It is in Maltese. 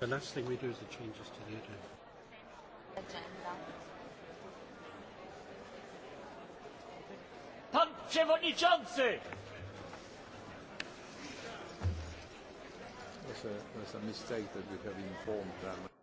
The last thing we do is the changes to the agenda. Agenda. Pan Przewodniczący! There's a, that's a mistake that we have informed them.